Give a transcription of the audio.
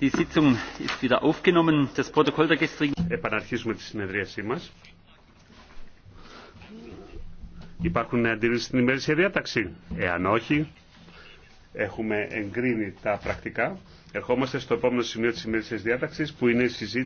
Die Επαναρχίζουμε τη συνεδρίασή μα. Υπάρχουν αντιρρήσει στην ημερήσια διάταξη. Εάν όχι, έχουμε εγκρίνει τα πρακτικά. Ερχόμαστε στο επόμενο σημείο τη ημερήσιας διάταξη, που είναι η συζήτηση.